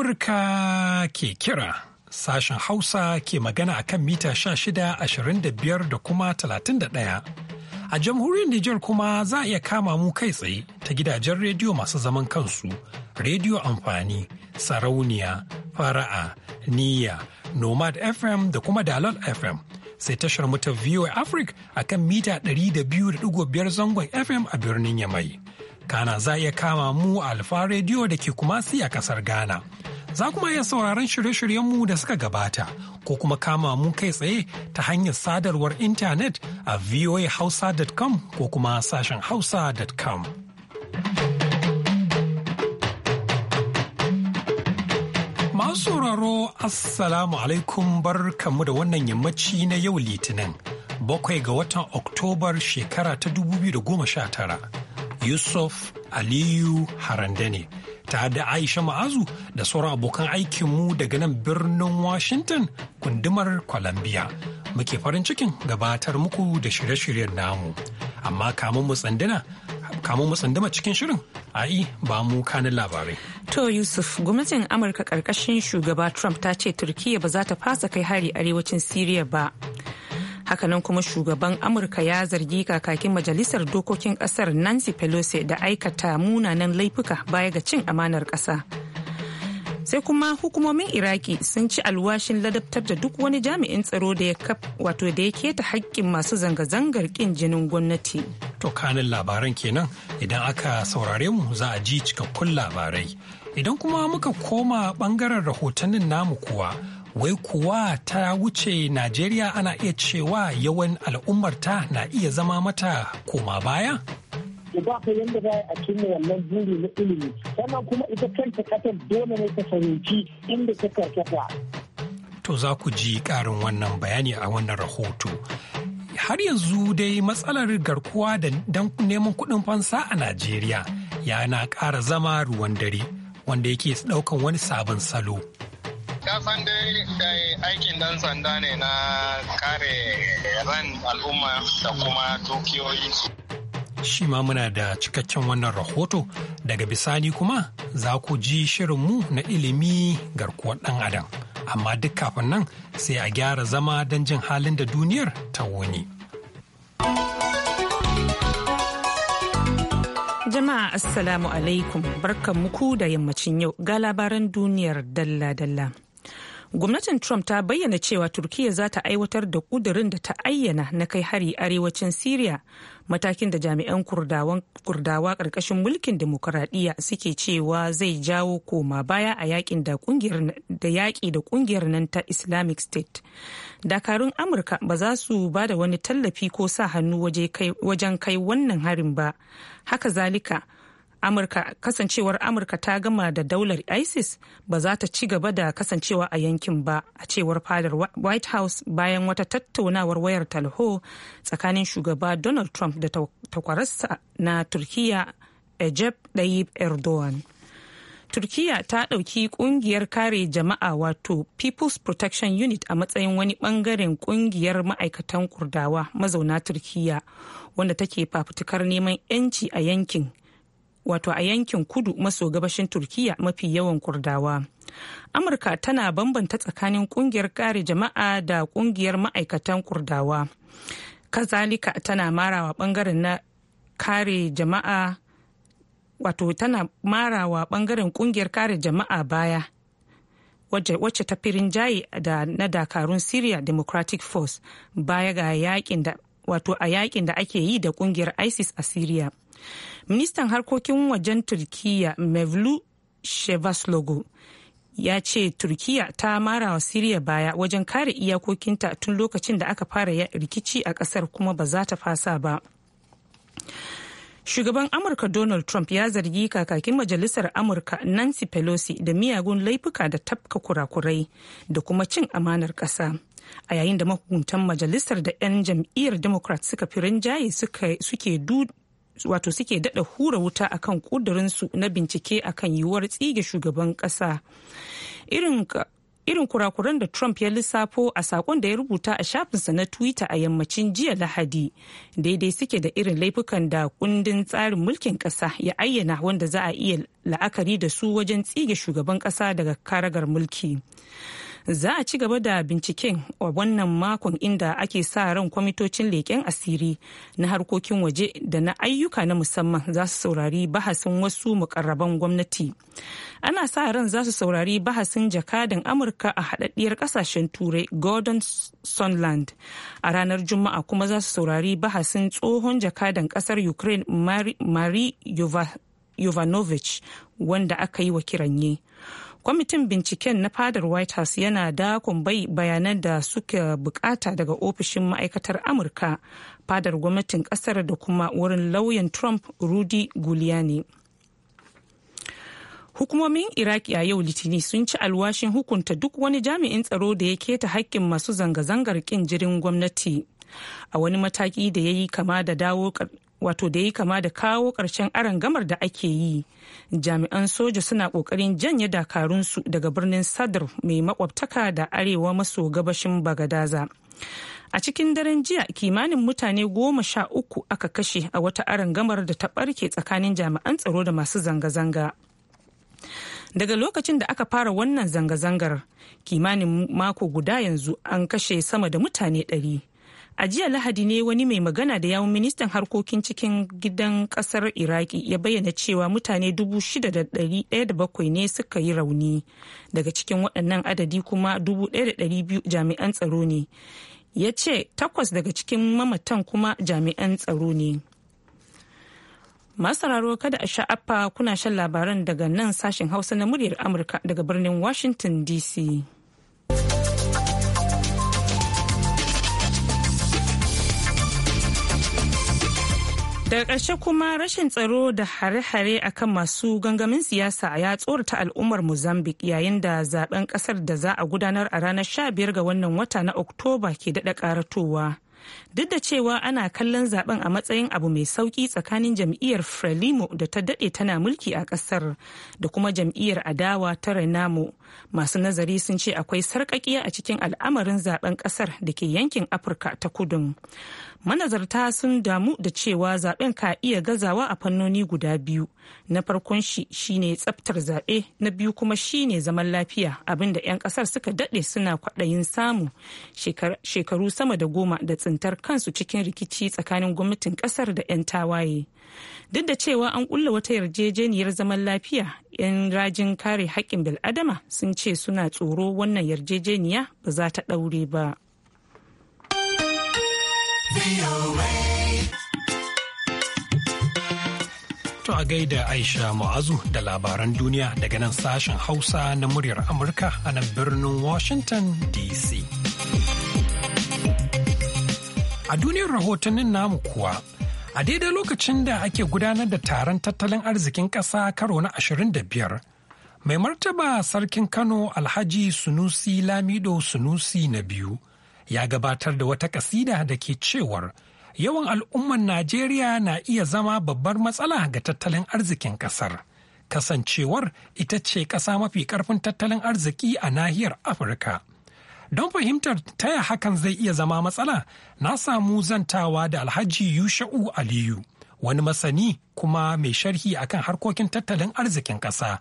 Amurka ke kira sashen Hausa ke magana a kan mita 1625 da biyar, da kuma talatin da ɗaya. A jamhuriyar Nijar kuma za a iya kama mu kai tsaye ta gidajen rediyo masu zaman kansu, rediyo amfani, sarauniya, fara'a, niyya, nomad FM da kuma Dalal FM. Sai tashar mutar VOA Africa a kan mita 200.5 zangon FM a birnin Yamai. Ghana za iya kama mu Alfa rediyo da ke kumasi a kasar Ghana. Za kuma iya sauraron shirye-shiryenmu da suka gabata ko kuma kama mu kai tsaye ta hanyar sadarwar intanet a voahausa.com ko kuma sashen hausa.com. Masu sauraro Assalamu alaikum bar kamu da wannan yammaci na yau Litinin, bakwai ga watan Oktobar shekara ta 2019. Yusuf Aliyu Harande ne. Ta da Aisha Ma'azu da sauran abokan aikinmu daga nan birnin Washington, gundumar Columbia. Muke farin cikin gabatar muku da shirye-shiryen namu. Amma kamun mu kamun mu tsandama cikin shirin ai ba mu kanin labarai. To Yusuf, gwamnatin Amurka ƙarƙashin shugaba Trump ta ce Turkiyya ba za ta fasa kai hari arewacin Siriya ba. hakanan kuma shugaban amurka ya zargi kakakin majalisar dokokin kasar nancy pelosi da aikata munanan laifuka baya ga cin amanar kasa sai kuma hukumomin iraki sun ci alwashin ladabtar da duk wani jami'in tsaro da ya wato da ya keta haƙƙin masu zanga-zangar ƙin jinin gwamnati to kanin labaran kenan idan aka saurare mu za a ji cikakkun labarai idan kuma muka koma bangaren rahotannin namu kuwa wai kuwa ta wuce najeriya ana iya cewa yawan al'ummarta na iya zama mata koma baya da ba ka yadda za a cimma wannan buri na ilimi sannan kuma ita kanta kasar dole ne ta fahimci inda ta karkata to za ku ji ƙarin wannan bayani a wannan rahoto har yanzu dai matsalar garkuwa da neman kuɗin fansa a najeriya yana ƙara zama ruwan dare wanda yake ɗaukan wani sabon salo. kasan dai aikin dan sanda ne na kare ran al'umma da kuma dukiyoyinsu shi ma muna da cikakken wannan rahoto daga bisani kuma za ku ji shirinmu na ilimi garkuwar ɗan adam amma duk kafin nan sai a gyara zama don jin halin da duniyar ta wuni. jama'a assalamu alaikum barkan muku da yammacin yau ga labaran duniyar dalla-dalla gwamnatin trump ta bayyana cewa turkiyya za ta aiwatar da kudurin da ta ayyana na kai hari arewacin syria matakin da jami'an kurdawa karkashin mulkin demokuraɗiyya suke cewa zai jawo koma baya a yakin da yaƙi da kungiyar nan ta islamic state dakarun amurka ba za su ba da wani tallafi ko sa hannu wajen kai wannan harin ba haka zalika amurka kasancewar amurka ta gama da daular isis ba za ta ci gaba da kasancewa a yankin ba a cewar fadar white house bayan wata tattaunawar wayar talho tsakanin shugaba donald trump da takwararsa na turkiya ejep dayib erdogan turkiyya ta ɗauki ƙungiyar kare jama'a wato people's protection unit a matsayin wani ɓangaren ƙungiyar ma'aikatan kurdawa mazauna turkiyya wanda take fafutukar neman 'yanci a yankin wato a yankin kudu maso gabashin turkiya mafi yawan kurdawa amurka tana bambanta tsakanin kungiyar kare jama'a da kungiyar ma'aikatan kurdawa kazalika tana marawa bangaren na kare jama'a wato tana marawa bangaren kungiyar kare jama'a baya wacce ta firin jaye da na dakarun syria democratic force baya ga yakin da wato a yakin da ake yi da kungiyar isis a syria ministan harkokin wajen Turkiyya mevlu shevaslogo ya ce Turkiyya ta mara wa siriya baya wajen kare iyakokinta tun lokacin da aka fara rikici a kasar kuma ba za ta fasa ba shugaban amurka donald trump ya zargi kakakin majalisar amurka nancy pelosi da miyagun laifuka da tafka kurakurai da kuma cin amanar kasa a yayin da mahukuntan majalisar da 'yan jam'iyyar democrat suka fi rinjaye suke wato suke dada hura wuta akan kudurinsu na bincike akan yiwuwar tsige shugaban kasa irin irin kurakuran da Trump ya lissafo a sakon da ya rubuta a shafinsa na Twitter a yammacin jiya Lahadi daidai suke da irin laifukan da kundin tsarin mulkin ƙasa ya ayyana wanda za a iya la'akari da su wajen tsige shugaban ƙasa daga karagar mulki. za a ci gaba da binciken a wannan makon inda ake sa ran kwamitocin leƙen asiri na harkokin waje da na ayyuka na musamman za su saurari bahasin wasu mukarraban gwamnati ana sa ran za su saurari bahasin jakadan amurka a haɗaɗɗiyar ƙasashen turai gordon sunland a ranar juma'a kuma za su saurari bahasin tsohon jakadan ƙasar ukraine mari yovanovich wanda aka yi wa kiranye kwamitin binciken na fadar white house yana dakon bayanan da suka bukata daga ofishin ma'aikatar amurka fadar gwamnatin kasar da kuma wurin lauyan trump rudy giuliani hukumomin iraki a yau litini sun ci alwashin hukunta duk wani jami'in tsaro da ya keta hakkin masu zanga-zangar kin jirin gwamnati a wani mataki da ya yi kama da dawo wato da yi kama da kawo ƙarshen aron gamar da ake yi jami'an soja suna ƙoƙarin janye dakarunsu daga birnin sadr mai makwabtaka da arewa maso gabashin bagadaza a cikin daren jiya kimanin mutane goma sha uku aka kashe a wata gamar da ta ɓarke tsakanin jami'an tsaro da masu zanga-zanga daga lokacin da aka fara wannan zanga-zangar kimanin mako guda yanzu an kashe sama da mutane ɗari a jiya lahadi ne wani mai magana da yawun ministan harkokin cikin gidan kasar iraki ya bayyana cewa mutane 6,107 ne suka yi rauni daga cikin waɗannan adadi kuma 1,200 jami'an tsaro ne ya ce takwas daga cikin mamatan kuma jami'an tsaro ne masu masararo kada a sha'afa kuna shan labaran daga nan sashen hausa na muryar amurka daga birnin washington dc daga ƙarshe kuma rashin tsaro da hare-hare akan masu gangamin siyasa ya tsorata al'ummar mozambique yayin da zaben ƙasar da za a gudanar a ranar 15 ga wannan wata na oktoba ke daɗa ƙaratowa duk da cewa ana kallon zaben a matsayin abu mai sauki tsakanin jam'iyyar frelimo da ta dade tana mulki a kasar da kuma jam'iyyar adawa ta renamo masu nazari sun ce akwai sarkakiya a cikin al'amarin zaben kasar da ke yankin afirka ta kudun manazarta sun damu da cewa zaben ka iya gazawa a fannoni guda biyu na farkon shi shine tsaftar zaɓe na biyu kuma shine zaman lafiya abinda 'yan ƙasar suka daɗe suna kwaɗayin samu shekaru sama da goma da tsintar kansu cikin rikici tsakanin gwamnatin kasar da 'yan tawaye duk da cewa an kulla wata yarjejeniyar zaman lafiya 'yan rajin kare haƙƙin bil'adama sun ce suna tsoro wannan yarjejeniya ba za ta ɗaure ba. To a gaida Aisha Mu'azu da labaran duniya daga nan sashen Hausa na muryar Amurka a nan birnin Washington DC. A duniyar rahotannin namu kuwa, a daidai lokacin da ake gudanar da taron tattalin arzikin ƙasa karo na 25, mai martaba sarkin Kano Alhaji Sunusi Lamido Sunusi na biyu ya gabatar da wata kasida da ke cewar yawan al'umman Najeriya na iya zama babbar matsala ga tattalin arzikin ƙasar. Kasancewar ita ce ƙasa mafi ƙarfin tattalin arziki a nahiyar Afirka. Don fahimtar taya hakan zai iya zama matsala, na samu zantawa da Alhaji Yusha'u Aliyu, wani masani kuma mai sharhi akan harkokin tattalin arzikin ƙasa.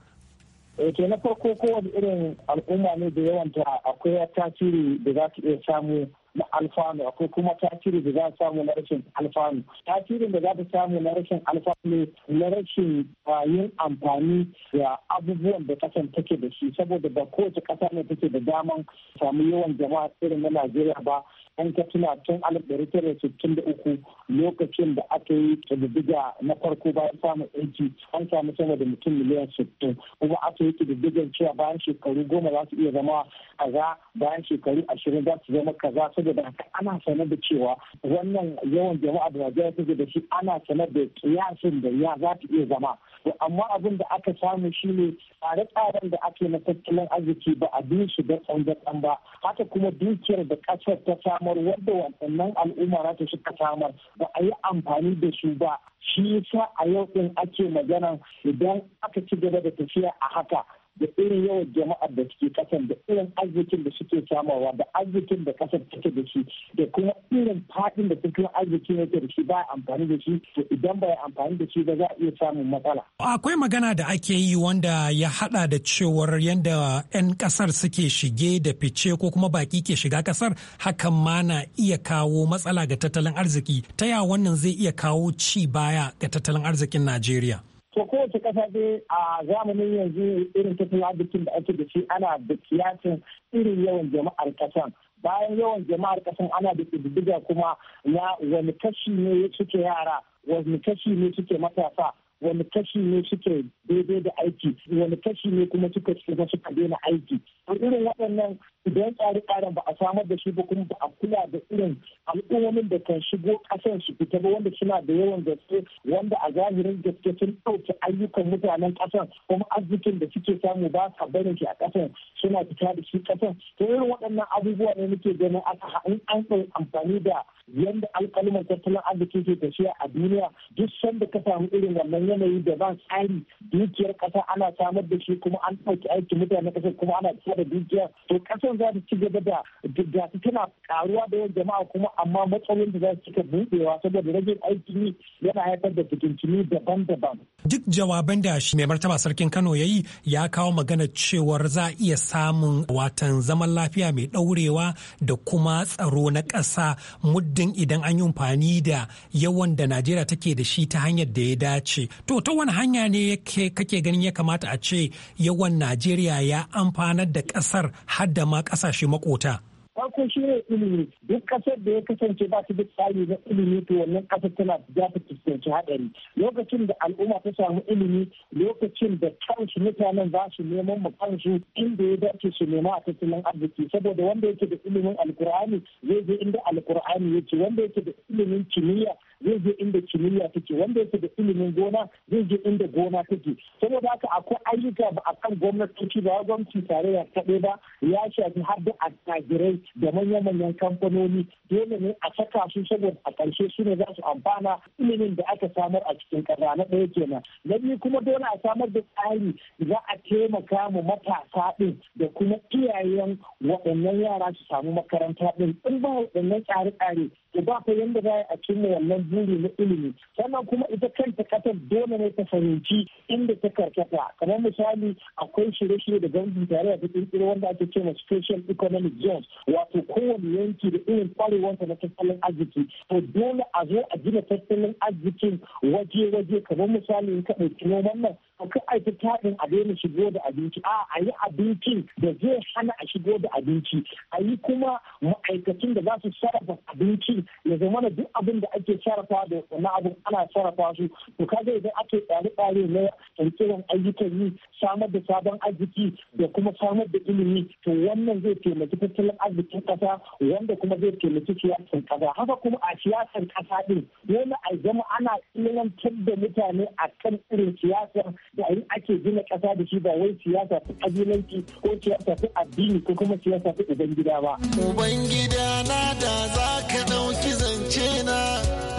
ke eh, na farko kowane irin al'umma ne da yawanta akwai tasiri da za ta iya samu na alfanu akwai kuma tasiri da za a samu na rashin alfanu tasirin da za ta samu na rashin alfanu na rashin ah, yin amfani da abubuwan da kasan take da shi saboda ba kowace kasa ne take da daman samu yawan jama'a irin na najeriya ba an ta tuna tun alif ɗari tara sittin da uku lokacin da aka yi ƙididdiga na farko bayan samun aiki an samu sama da mutum miliyan sittin kuma aka yi ƙididdigar cewa bayan shekaru goma za su iya zama kaza bayan shekaru ashirin za su zama kaza saboda haka ana sanar da cewa wannan yawan jama'a da Najeriya take da shi ana sanar da kiyasin da ya za ta iya zama amma abin da aka samu shine tsare-tsaren da ake na tattalin arziki ba a bin shi da tsan ba haka kuma dukiyar da ƙasar ta samu gudunmuwar wadda waɗannan al'umma na suka samar ba a yi amfani da su ba shi yasa a yau ɗin ake magana idan aka ci gaba da tafiya a haka da irin yawan jama'ar da suke kasan da irin arzikin da suke samawa da arzikin da kasar take da shi da kuma irin fadin da suke arzikin yake da shi ba amfani da shi to idan ba amfani da shi ba za a iya samun matsala. Akwai magana da ake yi wanda ya haɗa da cewar yadda 'yan kasar suke shige da fice ko kuma baki ke shiga kasar hakan ma na iya kawo matsala ga tattalin arziki ta ya wannan zai iya kawo ci baya ga tattalin arzikin Najeriya. to kowace kasa dai a zamanin yanzu irin tafiya bikin da ake da shi ana da kiyasin irin yawan jama'ar ƙasan bayan yawan jama'ar kasan ana da ƙididdiga kuma na wani kashi ne suke yara wani kashi ne suke matasa wani kashi ne suke daidai da aiki wani kashi ne kuma suka shiga suka daina aiki irin waɗannan idan tsari tsarin ba a samar da shi ba kuma ba a kula da irin al'ummomin da kan shigo ƙasar su fita ba wanda suna da yawan gaske wanda a zahirin gaske sun ɗauki ayyukan mutanen ƙasar kuma arzikin da suke samu ba sa barin shi a ƙasar suna fita da shi ƙasar to irin waɗannan abubuwa ne muke ganin aka in an amfani da yadda alƙaluman tattalin arziki ke tafiya a duniya duk sanda ka samu irin wannan yanayi da ba tsari dukiyar ƙasa ana samar da shi kuma an ɗauki aikin mutanen ƙasar kuma ana fita da dukiyar to ƙasar cutar za ta ci gaba da gasu tana karuwa da yawan jama'a kuma amma matsalolin da za su cika buɗewa saboda rage aiki yana haifar da fitincini daban-daban. Duk jawaban da shi mai martaba sarkin Kano ya yi ya kawo magana cewar za a iya samun watan zaman lafiya mai ɗaurewa da kuma tsaro na ƙasa muddin idan an yi amfani da yawan da Najeriya take da shi ta hanyar da ya dace. To ta wani hanya ne kake ganin ya kamata a ce yawan Najeriya ya amfanar da ƙasar har da ma ma kasashe makota? farko shi ne ilimi duk kasar da ya kasance ba su da tsari na ilimi to wannan kasar tana za ta fuskanci haɗari lokacin da al'umma ta samu ilimi lokacin da kansu mutanen za su neman mu kansu inda ya dace su nema a tattalin arziki saboda wanda yake da ilimin alkur'ani zai je inda alkur'ani yake wanda yake da ilimin kimiyya zai je inda kimiyya take wanda yake da ilimin gona zai je inda gona take saboda haka akwai ayyuka ba a kan gwamnatoci ba gwamnati ya kaɗe ba ya shafi har da attajirai da manya-manyan kamfanoni dole ne a saka su saboda a ƙarshe su ne za su amfana ilimin da aka samar a cikin ƙasa na ɗaya kenan na biyu kuma dole a samar da tsari za a taimaka mu matasa ɗin da kuma iyayen waɗannan yara su samu makaranta ɗin in ba waɗannan tsare-tsare to ba ka yanda za a cimma wannan buri na ilimi sannan kuma ita kanta kasar dole ne ta fahimci inda ta karkata kamar misali akwai shirye-shirye da tare tarayya ta kirkiro wanda ake ce ma special economic zones wato kowane yanki da irin kwarewarsa na tattalin arziki to dole a zo a gina tattalin arzikin waje-waje kamar misali in ka ɗauki noman nan Aka aiki taɗin a daina shigo da abinci a a yi abincin da zai hana a shigo da abinci a yi kuma ma'aikacin da za su sarrafa abinci ya zama na duk abin da ake sarrafa da wani abin ana sarrafa su to zai zai ake tsare-tsare na kirkiran ayyukan yi samar da sabon arziki da kuma samar da ilimi to wannan zai taimaki tattalin arzikin ƙasa wanda kuma zai taimaki siyasar ƙasa haka kuma a siyasar ƙasa ɗin wani a zama ana ilimantar da mutane a kan irin siyasar yayin ake gina ƙasa da shi ba wai siyasa ta kabilanci ko siyasa ta addini ko kuma siyasa ta ubangida ba. Ubangida na da za ka ɗauki zance na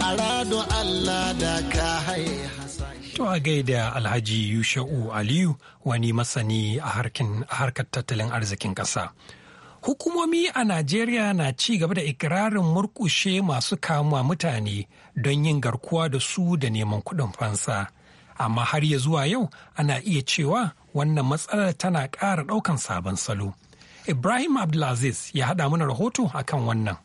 a rado Allah da ka haye To a gaida Alhaji Yusha'u Aliyu wani masani a harkar tattalin arzikin ƙasa. Hukumomi a Najeriya na ci gaba da ikirarin murkushe masu kama mutane don yin garkuwa da su da neman kuɗin fansa. amma har ya zuwa yau ana iya cewa wannan matsalar tana ƙara ɗaukan sabon salo. Ibrahim Abdulaziz ya haɗa mana rahoto akan wannan.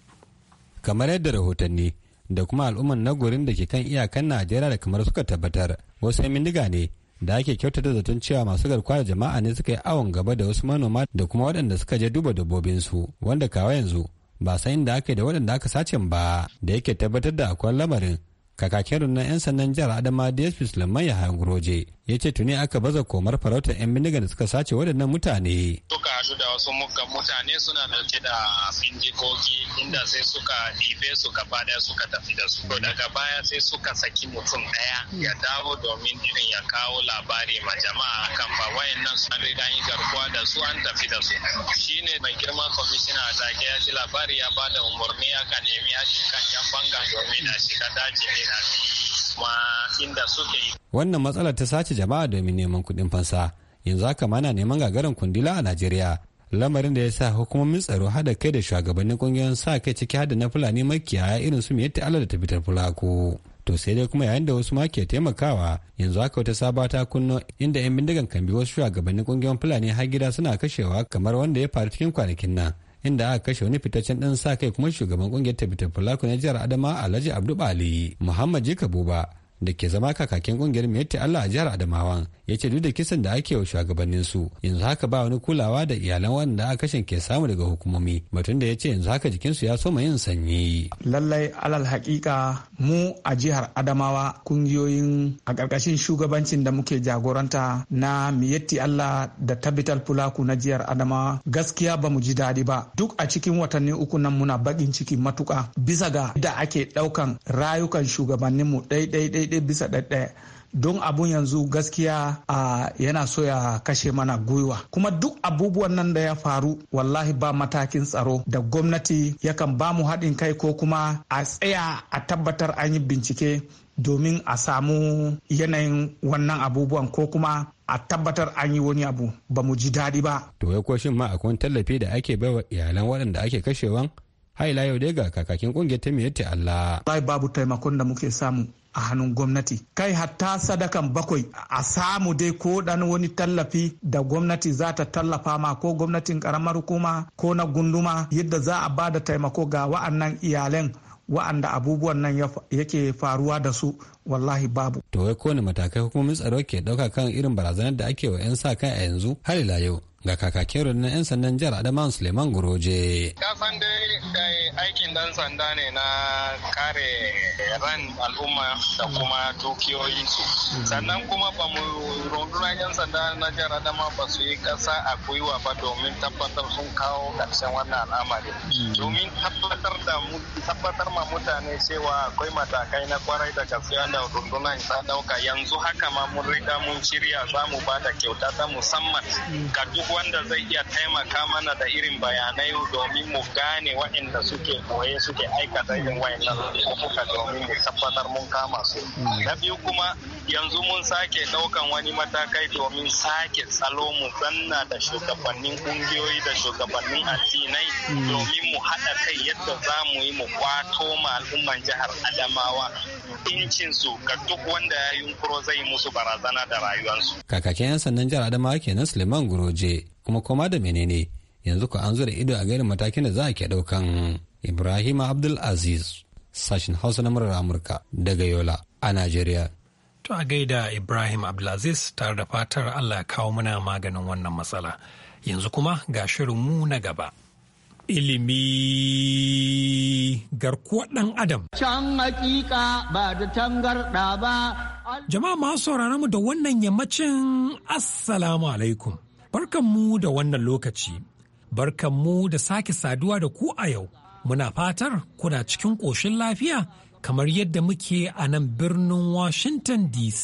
Kamar yadda rahotanni da kuma al'umman na gurin da ke kan iyakan Najeriya da kamar suka tabbatar wasu bindiga ne da ake kyautata zaton cewa masu garkuwa da jama'a ne suka yi awon gaba da wasu manoma da kuma waɗanda suka je duba dabbobinsu wanda kawa yanzu ba san inda aka yi da waɗanda aka sace ba da yake tabbatar da akwai lamarin kakakin na 'yan sandan jihar adama dsp sulaiman yahaya hangroje ya ce tuni aka baza komar farautar 'yan bindigan da suka sace waɗannan mutane. Suka haɗu da wasu mutane suna dauke da bindigogi inda sai suka ɗibe su gaba suka tafi da su. Daga baya sai suka saki mutum ɗaya ya dawo domin irin ya kawo labari ma jama'a kan ba wayannan sun riga yi garkuwa da su an tafi da su. Shi ne mai girma kwamishina a take ya ji labari ya bada umarni aka nemi yashin kan 'yan banga domin a shiga daji ne na biyu. kuma inda suke yi. Wannan matsalar ta sace jama'a domin neman kuɗin fansa yanzu haka mana neman gagarin kundila a Najeriya. Lamarin da ya sa hukumomin tsaro hada kai da shugabannin kungiyoyin sa kai ciki hada na Fulani makiyaya irin su mai Allah da tafitar fulako. To sai dai kuma yayin da wasu ma ke taimakawa yanzu haka wata saba ta kunno inda 'yan bindigan kan bi wasu shugabannin kungiyoyin Fulani har gida suna kashewa kamar wanda ya faru cikin kwanakin nan. inda aka kashe wani fitaccen dan sa kai kuma shugaban kungiyar tabbatar fulaku na jihar adama alhaji abdu bali muhammad jika buba da ke zama kakakin kungiyar Mete Allah a jihar Adamawa ya ce duk da kisan da ake wa shugabannin su yanzu haka ba wani kulawa da iyalan wanda aka kashin ke samu daga hukumomi batun da ya ce yanzu haka jikinsu ya soma yin sanyi. Lallai alal hakika mu a jihar Adamawa kungiyoyin a ƙarƙashin shugabancin da muke jagoranta na Miyetti Allah da Tabital Fulaku na jihar Adamawa gaskiya ba mu ji daɗi ba duk a cikin watanni uku nan muna baƙin ciki matuƙa bisa ga da ake ɗaukan rayukan shugabanninmu ɗai daidai bisa ɗaiɗaya don abun yanzu gaskiya a yana so ya kashe mana gwiwa kuma duk abubuwan nan da ya faru wallahi ba matakin tsaro da gwamnati yakan ba mu haɗin kai ko kuma a tsaya a tabbatar an yi bincike domin a samu yanayin wannan abubuwan ko kuma a tabbatar an yi wani abu ba mu ji daɗi ba. To ya kwashin ma akwai tallafi da ake baiwa iyalan waɗanda ake kashewan? Haila yau dai ga kakakin ƙungiyar ta Allah. babu taimakon da muke samu a hannun gwamnati kai hatta sadakan bakwai a samu dai ko dan wani tallafi da gwamnati za ta tallafa ma ko gwamnatin karamar hukuma ko na gunduma yadda za a bada taimako ga wa'annan iyalan wa'anda abubuwan nan yake faruwa da su wallahi babu. To wai kowane matakai hukumomin tsaro ke ɗauka kan irin barazanar da ake wa 'yan sa kai a yanzu har ila yau ga kakakin rundunar 'yan sandan jihar Adamawa Suleiman Guroje. Kasan dai aikin dan sanda ne na kare ran al'umma da kuma su Sannan kuma ba mu rundunar 'yan sanda na jihar adama ba su yi ƙasa a gwiwa ba domin tabbatar sun kawo karshen wannan al'amari. Domin tabbatar da tabbatar ma mutane cewa akwai matakai na kwarai da gaske wanda rundunar ta dauka yanzu haka ma mun riga mun shirya za mu ba da kyauta ta musamman ga duk wanda zai iya taimaka mana da irin bayanai domin mu gane waɗanda suke koye suke aikata irin wayannan laifuka domin mu tabbatar mun kama su na biyu kuma yanzu mun sake daukan wani matakai domin sake tsalo mu zanna da shugabannin kungiyoyi da shugabannin addinai domin mu haɗa kai yadda za mu yi mu kwato ma al'umman jihar adamawa incinsu ga duk wanda ya yunkuro zai musu barazana da rayuwarsu. kakakin 'yan sandan jihar adamawa kenan suleiman guroje kuma koma da menene yanzu ko an zura ido a garin matakin da za a ke daukan ibrahim abdul aziz sashen hausa na murar amurka daga yola a najeriya To a gaida Ibrahim Abdulaziz tare da fatar Allah kawo muna maganin wannan matsala. Yanzu kuma ga mu na gaba. Ilimi garkuwar ɗan Adam. Can hakika ba da tangarɗa ba. Jama'a masu sauraron mu da wannan yammacin Assalamu alaikum. Barkanmu da wannan lokaci. Barkanmu da sake saduwa da ku a yau. Muna fatar kuna cikin ƙoshin lafiya kamar yadda muke a nan birnin Washington DC.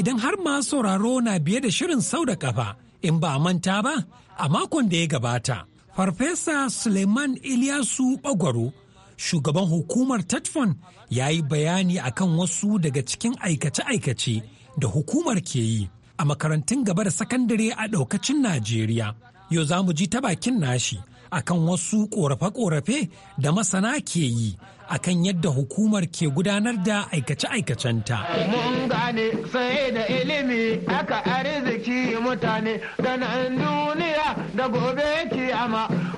Idan har ma sauraro na biye da shirin sau da kafa in ba a manta ba a makon da ya gabata. Farfesa Suleiman Ilyasu Bagwaro, shugaban hukumar TETFON, ya yi bayani akan wasu daga cikin aikace-aikace da hukumar ke yi a makarantun gaba da sakandare a ɗaukacin Najeriya. Yau za mu ji ta bakin nashi akan wasu ƙorafe-ƙorafe da masana ke yi akan yadda hukumar ke gudanar da aikace-aikacenta. Mun gane sai da ilimi aka arziki mutane da nan duniya da gobe kiyama.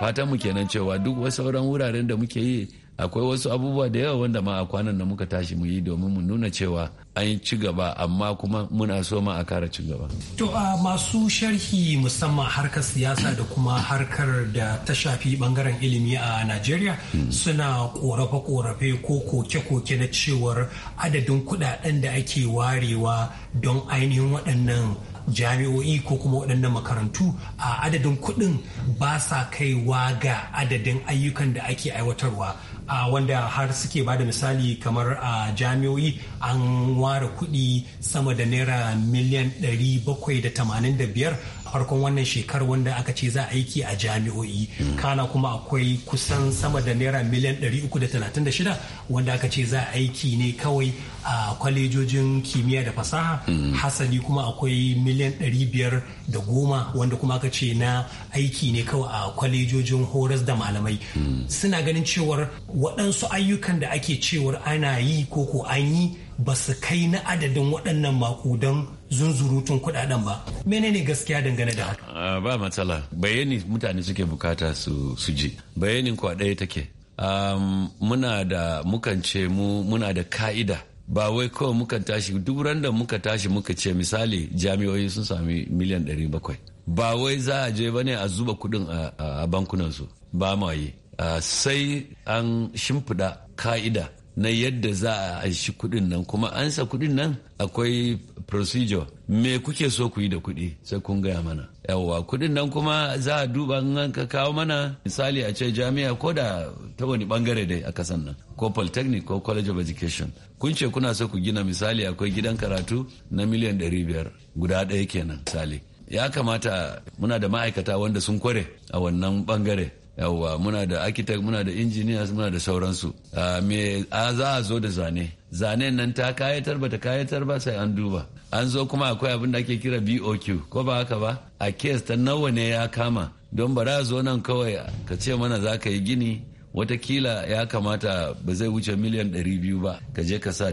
fatan mu kenan cewa duk wasu sauran wuraren da muke yi akwai wasu abubuwa da yawa wanda ma a kwanan da muka tashi mu yi domin mu nuna cewa an yi ci gaba amma kuma muna so ma a kara ci gaba. To a masu sharhi musamman harkar siyasa da kuma harkar da ta shafi bangaren ilimi a Najeriya suna korafe-korafe ko koke-koke na cewar adadin kudaden da ake warewa don ainihin waɗannan jami'o'i ko kuma waɗannan makarantu a adadin kuɗin ba sa kaiwa ga adadin ayyukan da ake aiwatarwa a wanda har suke ba da misali kamar a jami'o'i an ware kuɗi sama da naira miliyan 785 farkon wannan shekar wanda aka ce za a aiki a jami'o'i kana kuma akwai kusan sama da naira miliyan 336 wanda aka ce za a aiki ne kawai a kwalejojin kimiyya da fasaha hmm. hasali kuma akwai miliyan ɗari biyar da goma wanda kuma aka ce na aiki ne kawai a kwalejojin horas da malamai hmm. suna ganin cewar waɗansu ayyukan da ake cewar ana yi ko ko an yi ba su kai na adadin waɗannan makudan zunzurutun kuɗaɗen ba menene gaskiya dangane da haka ah, ba matsala bayani mutane suke bukata su ji bayanin kwaɗaya take muna da mukan ce mu muna da ka'ida ba wai kawai muka tashi duk ran da muka tashi muka ce misali jami'o'i sun sami miliyan 700 ba wai za a je bane a zuba kudin a bankunansu ba ma yi sai an shimfiɗa ka'ida na yadda za a aishi kuɗin nan kuma ansa kuɗin nan akwai procedure me kuke so ku yi da kuɗi sai kun gaya mana yawwa kuɗin nan kuma za a duba in ka kawo mana misali a ce jami'a ko da ta wani bangare dai a kasan nan ko polytechnic ko college of education kun ce kuna so ku gina misali akwai gidan karatu na miliyan biyar guda ɗaya kenan misali ya kamata muna da ma'aikata wanda sun kware a wannan bangare yawwa muna da architect muna da engineers muna da sauransu ah, me za a zo da zane zanen nan ta kayatar ba ta kayatar ba sai an duba an zo kuma akwai abin da ake kira boq ko ba haka ba a kes ta nawa ne ya kama don ba za zo nan kawai ka ce mana za ka yi gini watakila ya kamata ba zai wuce miliyan 200 ba ka je ka sa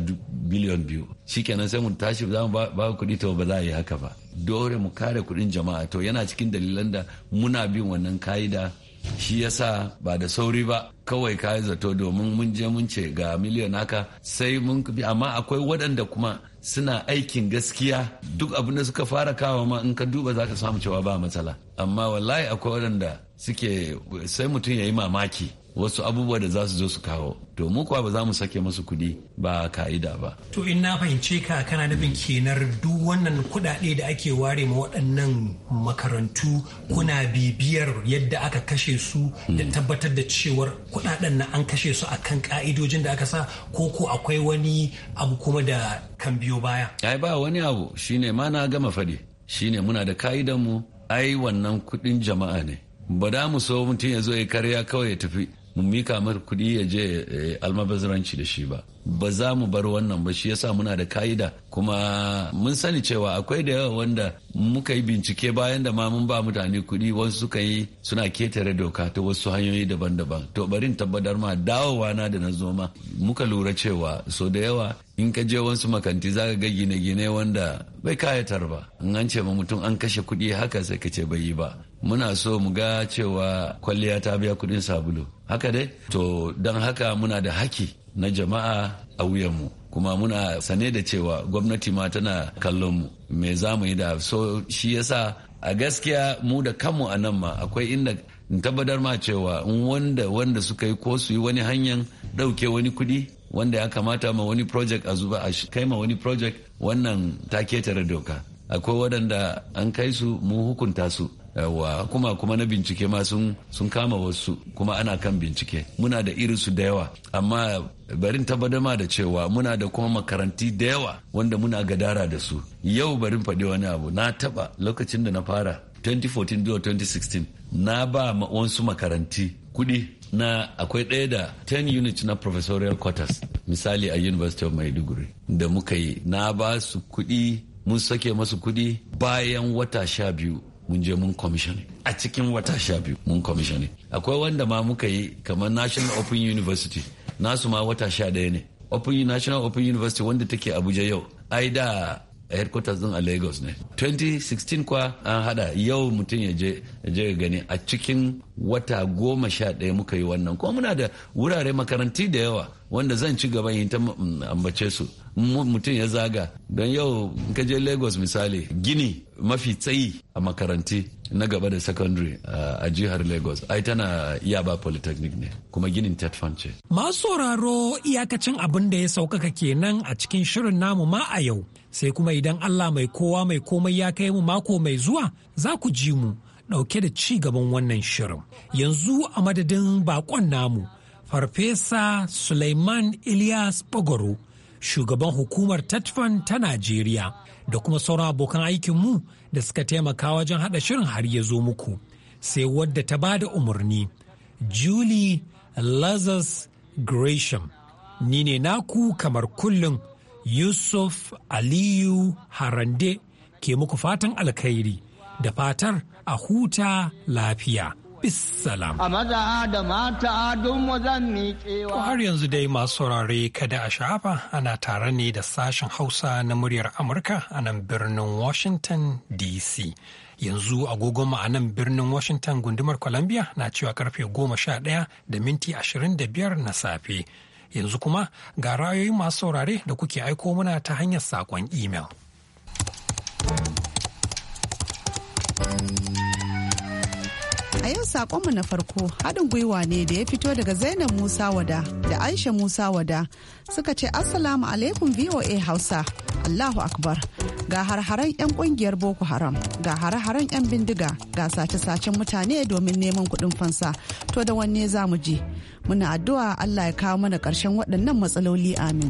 biliyan biyu shikenan sai mu tashi za mu ba kuɗi to ba za a yi haka ba Dore mu kare kuɗin jama'a to yana cikin dalilan da muna bin wannan ka'ida shi yasa ba da sauri ba kawai ka yi zato domin mun je mun ce ga miliyan haka sai mun bi amma akwai waɗanda kuma suna aikin gaskiya duk abin da suka fara kawo ma in ka duba za ka samu cewa ba matsala amma wallahi akwai waɗanda suke sai mutum ya yi mamaki wasu abubuwa da za su zo su kawo to mu kuwa ba za mu sake masu kuɗi ba ka'ida ba to in na fahimce ka kana nufin kenar duk wannan kuɗaɗe da ake ware ma waɗannan makarantu kuna bibiyar yadda aka kashe su da mm. tabbatar da cewar kuɗaɗen na an kashe su akan ka'idojin da aka sa ko ko akwai wani abu kuma da kan biyo baya ai ba wani abu shine ma na gama faɗi shine muna da ka'idan mu ai wannan kuɗin jama'a ne ba da mu so mutum ya zo ya karya kawai ya tafi mu mika mar kuɗi ya je eh, almabazranci da shi ba ba za mu bar wannan ba shi yasa muna da ka'ida kuma mun sani cewa akwai da yawa wanda muka yi bincike bayan da ma mun ba mutane kuɗi wasu suka yi suna ketare doka ta wasu hanyoyi daban-daban to barin tabbatar ma dawowa na da na zoma muka lura cewa so da yawa in ka je wasu makanti zaka ga gine-gine wanda bai kayatar ba in an ce ma mutum an kashe kuɗi haka sai ka ce bai yi ba muna so mu ga cewa kwalliya ta biya kuɗin sabulu haka dai to don haka muna da haki na jama'a a wuyanmu kuma muna sane da cewa gwamnati ma tana kallon mu me za mu yi da so shi yasa a gaskiya mu da kanmu a nan ma akwai inda in tabbatar ma cewa in wanda wanda suka yi ko su yi wani hanyar ɗauke wani kuɗi wanda ya kamata ma wani project a zuba a kai ma wani project wannan ta ketare doka akwai waɗanda an kai su mu hukunta su yawa kuma kuma na bincike ma sun kama wasu kuma ana kan bincike muna da irinsu da yawa amma barin tabbatar ma da cewa muna da kuma makaranti da yawa wanda muna gadara da su yau barin faɗi wani abu na taɓa lokacin da na fara 2014 zuwa 2016 na ba wasu makaranti kuɗi na akwai ɗaya da 10 units na professorial quarters misali a university of maiduguri da muka yi na ba su kuɗi mun sake masu kuɗi bayan wata sha biyu mun je mun commissioning a cikin wata sha biyu mun commissioning akwai wanda ma muka yi kamar national open university nasu ma wata sha ɗaya ne national open university wanda take abuja yau ai da a headquarters din a lagos ne 2016 kwa an hada yau mutum ya je ya gani a cikin wata goma sha ɗaya muka yi wannan kuma muna da wurare makaranti da yawa wanda zan ci gaban yin ta ambace su mutum ya zaga don yau ka je lagos misali gini mafi tsayi a makaranti na gaba da secondary uh, a jihar lagos ai tana yaba polytechnic ne kuma ginin tetfan ce masu sauraro iyakacin abin da ya saukaka kenan a cikin shirin namu ma a yau sai kuma idan Allah mai kowa mai komai ya kai mu mako mai zuwa za ku ji mu ɗauke da ci gaban wannan shirin. Yanzu a madadin bakon namu, Farfesa Suleiman Ilyas Bagoro, shugaban hukumar Tatfan ta Najeriya, da kuma sauran abokan aikinmu da suka taimaka wajen haɗa shirin har ya zo muku. Sai wadda ta ba da umarni, Julie Lazarus Gresham. Ni ne naku kamar kullum. Yusuf Aliyu Harande ke muku fatan alkhairi da fatar a huta lafiya. bisalam. A mata har yanzu dai masu saurare kada a shafa ana tare ne da sashen Hausa na muryar Amurka a nan birnin Washington DC. Yanzu agogon a nan birnin Washington gundumar Columbia na cewa karfe goma sha ɗaya da minti ashirin da biyar na safe. yanzu kuma ga rayoyin masu saurare da kuke aiko muna ta hanyar saƙon imel. A yau sakonmu na farko haɗin gwiwa ne da ya fito daga Zainab Musa Wada da Aisha Musa Wada suka ce Assalamu alaikum VOA Hausa. Allahu Akbar. Ga har 'yan kungiyar Boko Haram, ga har-haren 'yan bindiga, ga sace-sacen mutane domin neman kuɗin fansa. To da wanne za mu je? Muna addu'a Allah ya kawo mana ƙarshen waɗannan matsaloli amin.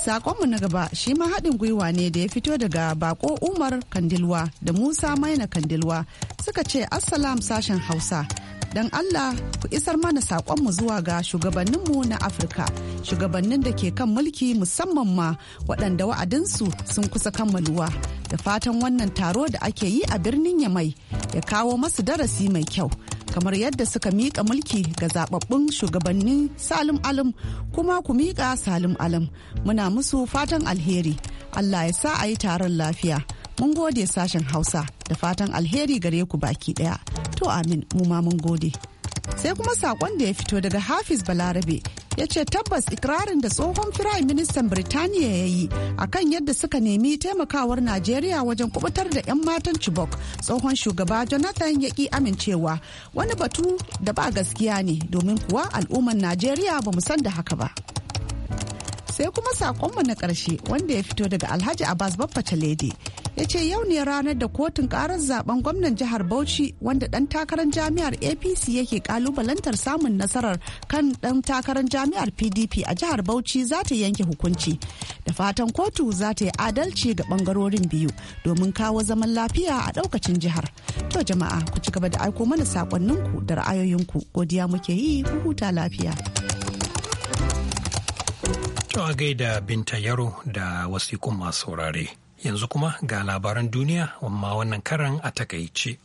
Sakonmu na gaba shi ma haɗin gwiwa ne da ya fito daga bako Umar Kandilwa da Musa Maina Kandilwa suka ce Assalam sashen Hausa. Don Allah ku isar mana saƙonmu zuwa ga shugabanninmu na Afirka, shugabannin da ke kan mulki musamman ma waɗanda wa'adinsu sun kusa kammaluwa. Da fatan wannan taro da ake yi a birnin Yamai ya kawo masu darasi mai kyau. kamar yadda suka miƙa mulki ga zababbun shugabannin salim alim kuma ku miƙa salim alim muna musu fatan alheri allah ya sa a yi taron lafiya mun gode sashen hausa da fatan alheri gare ku baki daya to amin mu ma mun gode sai kuma saƙon da ya fito daga hafiz balarabe ya ce tabbas ikirarin da tsohon firayim ministan birtaniya ya yi a kan yadda suka nemi taimakawar najeriya wajen kubutar da 'yan matan chibok tsohon shugaba jonathan ya ki amincewa wani batu da ba gaskiya ne domin kuwa al'ummar najeriya ba mu san da haka ba sai kuma saƙonmu na ƙarshe wanda ya fito daga alhaji abbas baffa Chalede. ya ce yau ne ranar da kotun karar zaben gwamnan jihar bauchi wanda dan takarar jami'ar apc yake kalubalantar samun nasarar kan dan takarar jami'ar pdp a jihar bauchi za ta yanke hukunci da fatan kotu za ta yi adalci ga bangarorin biyu domin kawo zaman lafiya a daukacin jihar to jama'a ku ci gaba da aiko mana sakonninku da ra'ayoyinku godiya muke yi ku huta lafiya To a gaida binta yaro da wasikun masu saurare. yanzu kuma ga labaran duniya amma wannan karan a takaice.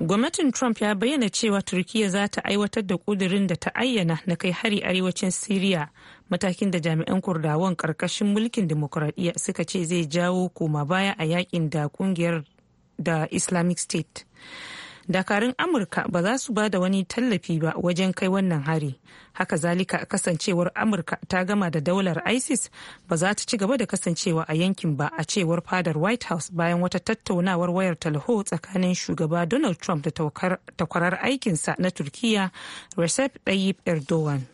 Gwamnatin Trump ya bayyana cewa Turkiyya za ta aiwatar da kudirin da ta ayyana na kai hari arewacin Siriya matakin da jami'an kurdawan karkashin mulkin demokuraɗiyya suka ce zai jawo koma baya a yakin da kungiyar da Islamic State. dakarun amurka ba za su ba da wani tallafi ba wajen kai wannan hari haka zalika kasancewar amurka ta gama da daular isis ba za ta ci gaba da kasancewa a yankin ba a cewar fadar white house bayan wata tattaunawar wayar talho tsakanin shugaba donald trump da takwarar aikinsa na turkiya recep tayyip erdogan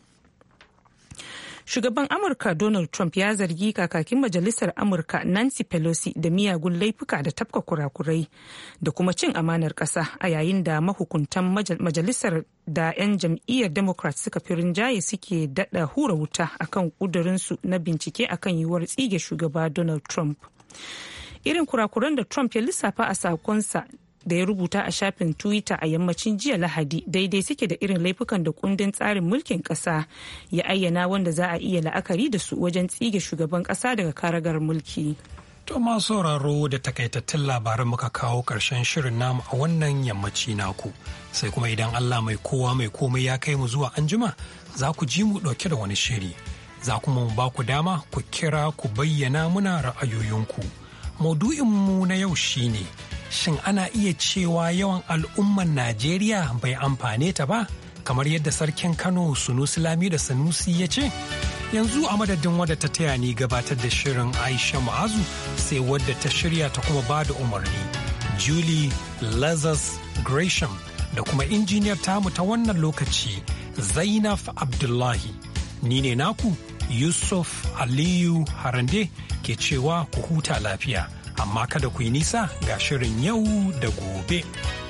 shugaban amurka donald trump ya zargi kakakin majalisar amurka nancy pelosi da miyagun laifuka da tafka kurakurai da kuma cin amanar kasa a yayin da mahukuntan majalisar da 'yan jam'iyyar democrat suka fi rinjaye suke dada hura wuta akan ƙudurinsu na bincike akan yiwuwar tsige shugaba donald trump irin kurakuran da trump ya lissafa a sakonsa da ya rubuta a shafin twitter a yammacin jiya lahadi daidai suke da irin laifukan da kundin tsarin mulkin kasa ya ayyana wanda za a iya la'akari da su wajen tsige shugaban kasa daga karagar mulki to masu sauraro da takaitattun labaran muka kawo karshen shirin namu a wannan yammaci naku sai kuma idan allah mai kowa mai komai ya kai mu zuwa anjima za ku ji mu dauke da wani shiri za kuma mu ba ku dama ku kira ku bayyana muna ra'ayoyinku maudu'inmu na yau shine shin ana iya cewa yawan al'umman Najeriya bai amfane ta ba? Kamar yadda sarkin Kano Sunusi Lami da Sanusi ya ce? Yanzu a madadin wadda ta taya ni gabatar da shirin Aisha Ma'azu sai wadda ta shirya ta kuma ba da umarni. Julie Lazarus Gresham da kuma injiniyar tamu ta wannan lokaci Zainab Abdullahi. Ni ne naku Yusuf Aliyu Harande ke cewa ku huta lafiya. amma kada ku yi nisa ga shirin yau da gobe.